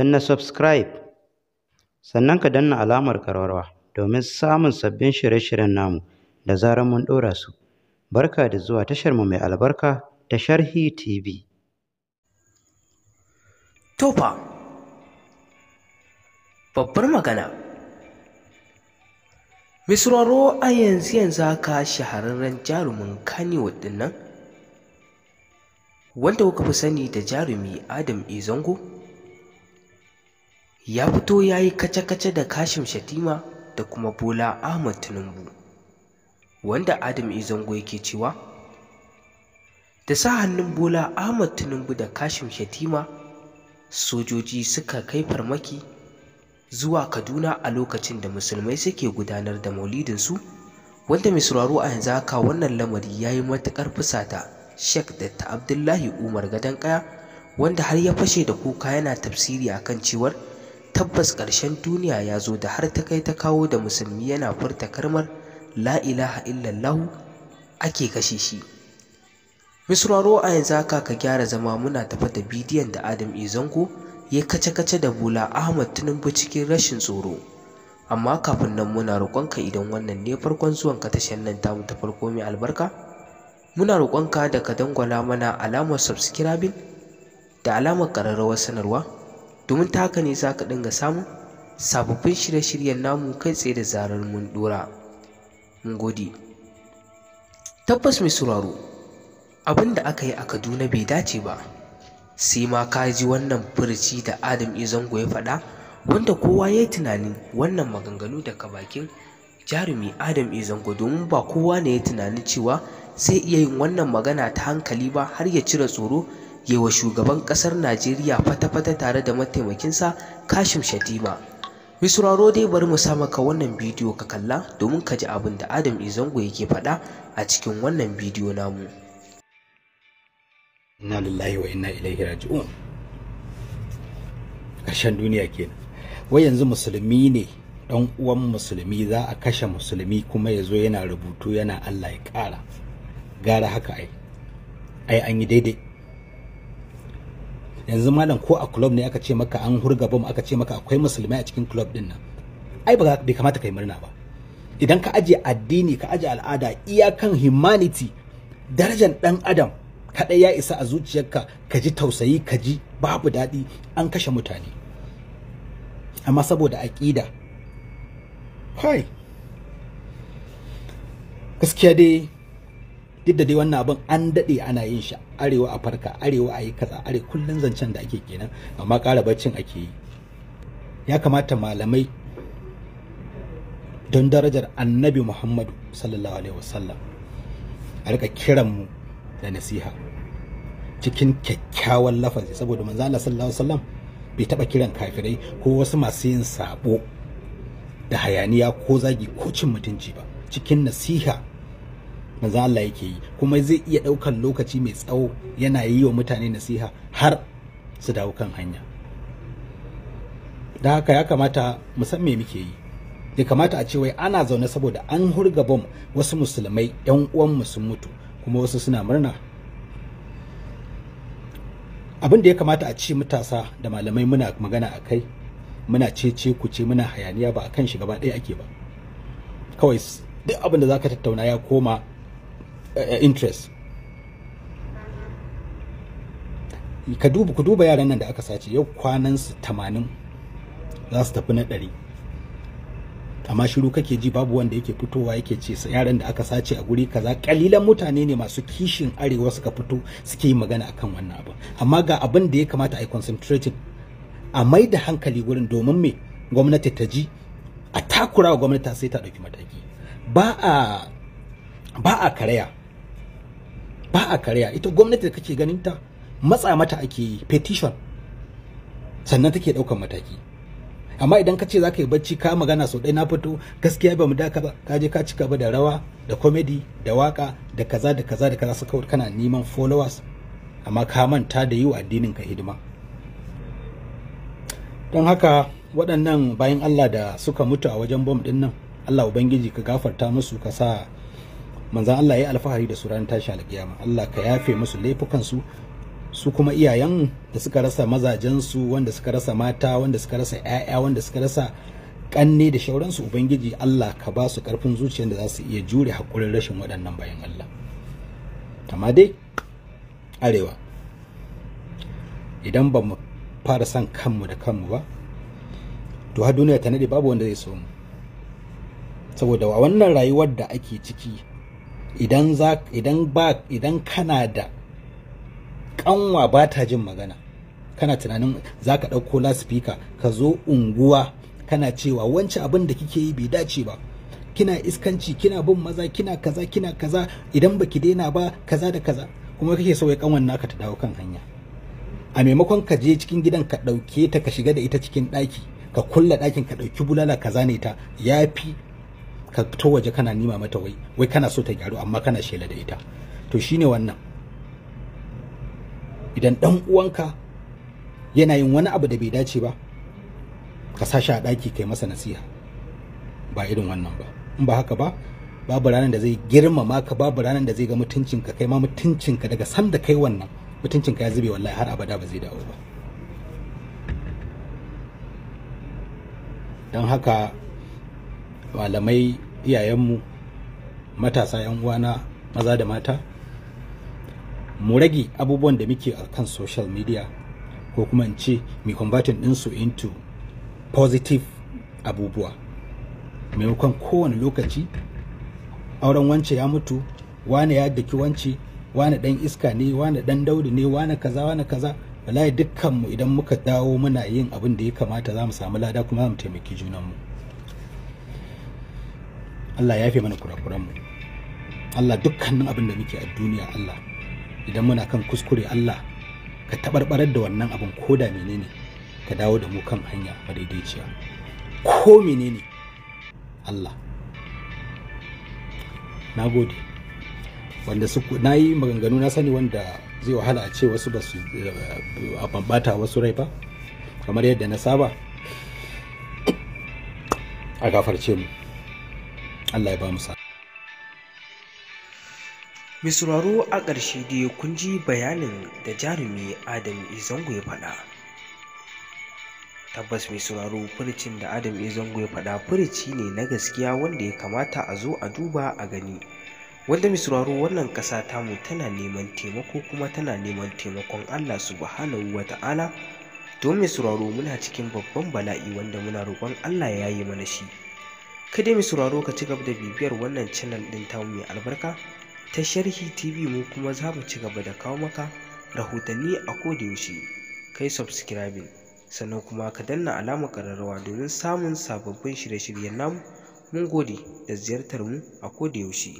na subscribe sannan ka danna alamar karwarwa domin samun sabbin shirye-shiryen namu da zarar mun ɗora su barka da zuwa tashar mu mai albarka ta sharhi tv tofa babbar magana misraro a yanzu yanzu ka shahararren jarumin kani ɗin nan wanda kuka fi sani da jarumi adam izango ya fito ya yi kace-kace da kashim shatima da kuma bola ahmad tinubu wanda adam izango yake cewa da sa hannun bola ahmad tinubu da kashim shatima sojoji suka kai farmaki zuwa kaduna a lokacin da musulmai suke gudanar da maulidinsu wanda mai sauraro a yanzu haka wannan lamari ya yi matuƙar fusata shek da ta abdullahi umar gadon kaya wanda har ya fashe da kuka yana tafsiri akan cewar tabbas ƙarshen duniya ya zo da har ta kai ta kawo da musulmi yana furta karmar la'ilaha ilaha illallahu ake kashe shi misraro a yanzu haka ka gyara zama muna tafa da bidiyon da adam zango ya kace-kace da bula ahmad tinubu cikin rashin tsoro amma kafin nan muna roƙonka idan wannan ne farkon ka tashar nan ta ta farko mai albarka muna roƙonka da ka dangwala mana alamar subscribing da alamar ƙararrawar sanarwa domin ta haka ne za ka dinga samun sababbin shirye-shiryen namu kai tsaye da zarar mun dora mun gode tabbas mai sauraro abin da aka yi a kaduna bai dace ba sai ma ka ji wannan furci da adam izango e. ya faɗa wanda kowa ya yi tunanin wannan maganganu daga bakin jarumi adam izango e. domin ba kowa ne ya tunanin cewa sai iya yin wannan magana ta hankali ba har ya cire tsoro wa shugaban ƙasar Najeriya fata-fata tare da mataimakinsa Kashim Shatima. Misraro dai bari mu sa maka wannan bidiyo ka kalla domin ka ji abin da Adam Izango yake faɗa a cikin wannan bidiyo namu. Inna lillahi wa inna ilaihi raji'un. Ƙarshen duniya kenan. Wai yanzu musulmi ne dan uwan musulmi za a kashe musulmi kuma ya zo yana rubutu yana Allah ya ƙara. Gara haka ai. Ai an yi daidai. yanzu malam ko a club ne aka ce maka an hurga bamu aka ce maka akwai musulmai a cikin club din nan ai ba bai kamata kai murna ba idan ka aje addini ka aje al'ada iyakan humanity darajar dan adam kaɗai ya isa a zuciyarka ka ji tausayi ka ji babu daɗi an kashe mutane amma saboda aƙida kai gaskiya dai duk da dai wannan abin an daɗe ana yin shi arewa a farka arewa a yi kaza are kullum zancen da ake kenan amma ƙara baccin ake yi ya kamata malamai don darajar annabi muhammadu sallallahu alaihi wasallam a rika kiran mu da nasiha cikin kyakkyawan lafazi saboda manzo Allah sallallahu alaihi wasallam bai taba kiran kafirai ko wasu masu yin sabo da hayaniya ko zagi ko cin mutunci ba cikin nasiha manzo Allah yake yi kuma zai iya ɗaukan lokaci mai tsawo yana yi wa mutane nasiha har su dawo kan hanya da haka ya kamata mu san me muke yi da kamata a ce wai ana zaune saboda an hurga bom wasu musulmai yan uwanmu sun mutu kuma wasu suna murna abin da ya kamata a ce matasa da malamai muna magana a kai muna cece ku ce muna hayaniya ba akan shi gaba ɗaya ake ba kawai duk abin da zaka tattauna ya koma Eh, eh, interest ka duba ku duba yaran nan da aka sace yau kwanan su 80 za su tafi na 100 amma shiru kake ji babu wanda yake fitowa yake ce yaran da aka sace a guri kaza kalilan mutane ne masu kishin arewa suka fito suke yi magana akan wannan abu amma ga abin da ya kamata a yi concentrating a mai da hankali wurin domin me gwamnati ta ji a takura gwamnati sai ta ɗauki mataki ba a ba a karaya ba a karya ita gwamnati da kake ganin ta matsa mata ake yi petition sannan take daukan mataki amma idan kace ce za yi bacci ka magana sau ɗaya na fito gaskiya ba mu daka ba ka je ka ci gaba da rawa da comedy da waka da kaza da kaza da kaza suka kana neman followers amma ka manta da yi wa addinin ka hidima don haka waɗannan bayan Allah da suka mutu a wajen bom ɗin nan Allah Ubangiji ka gafarta musu ka sa manzan Allah ya alfahari da su ran tashi alkiyama Allah ka yafe musu laifukansu su kuma iyayen da suka rasa mazajensu wanda suka rasa mata wanda suka rasa 'ya'ya wanda suka rasa kanne da shauransu ubangiji Allah ka ba su karfin zuciyar da za su iya jure hakurin rashin waɗannan bayan Allah amma dai arewa idan ba mu fara san kanmu da kanmu ba to har duniya ta nade babu wanda zai so mu saboda a wannan rayuwar da ake ciki idan za idan ba idan kana da kanwa ba ta jin magana kana tunanin za ka ɗauko laspika ka zo unguwa kana cewa wancan abin da kike yi bai dace ba kina iskanci kina bin maza kina kaza kina kaza idan baki daina ba kaza da kaza kuma kake sauya kanwan naka ta dawo kan hanya a maimakon ka je cikin gidan ka ɗauke ta ka shiga da ita cikin ɗaki ka kulla ɗakin ka ɗauki bulala ka zane ta ya fi ka fito waje kana nima mata wai wai kana so ta gyaru amma kana shela da ita to shine wannan idan dan uwanka yana yin wani abu da bai dace ba ka sashi a daki kai masa nasiha ba irin wannan ba in ba haka ba babu ranar da zai girmama ka babu ranar da zai ga mutuncinka kai ma mutuncinka daga san da kai wannan mutuncinka ya zube wallahi har abada ba zai dawo ba don haka malamai iyayenmu matasa 'yan uwana maza da mata mu rage abubuwan da muke a kan social media ko kuma in ce convert converting su into positive abubuwa maimakon kowane lokaci auren wance ya mutu wane ya daki wance wane dan iska ne wane dan daudi ne wane kaza wane kaza wallahi dukkanmu idan muka dawo muna yin abin da ya kamata za mu samu lada kuma za mu taimaki junanmu Allah ya fi mana kurakuranmu Allah dukkanin abin da muke a duniya Allah idan muna kan kuskure Allah ka tabarbarar da wannan abin koda menene ka dawo da mu kan hanya madaidaiciya ko menene Allah na gode wanda su na yi maganganu na sani wanda zai wahala a ce wasu ba su eh, bambata wasu rai ba kamar yadda na saba a gafarce mu Allah ya ba mu sa mai a ƙarshe dai kun ji bayanin da jarumi adam izango ya faɗa tabbas mai sauraro furicin da adam izango ya faɗa furici ne na gaskiya wanda ya kamata a zo a duba a gani wanda mai wannan ƙasa tamu tana neman taimako kuma tana neman taimakon allah subhanahu wa ta'ala don mai muna cikin babban bala'i wanda muna roƙon allah ya yi mana shi ka dai mai sauraro ka ci gaba da bibiyar wannan channel ɗin tamu mai albarka ta sharhi tv mu kuma za mu ci gaba da kawo maka rahotanni a yaushe kai subscribing sannan kuma ka danna alamar ƙararrawa domin samun sababbin shirye-shiryen namu mun gode da ziyartar mu a yaushe.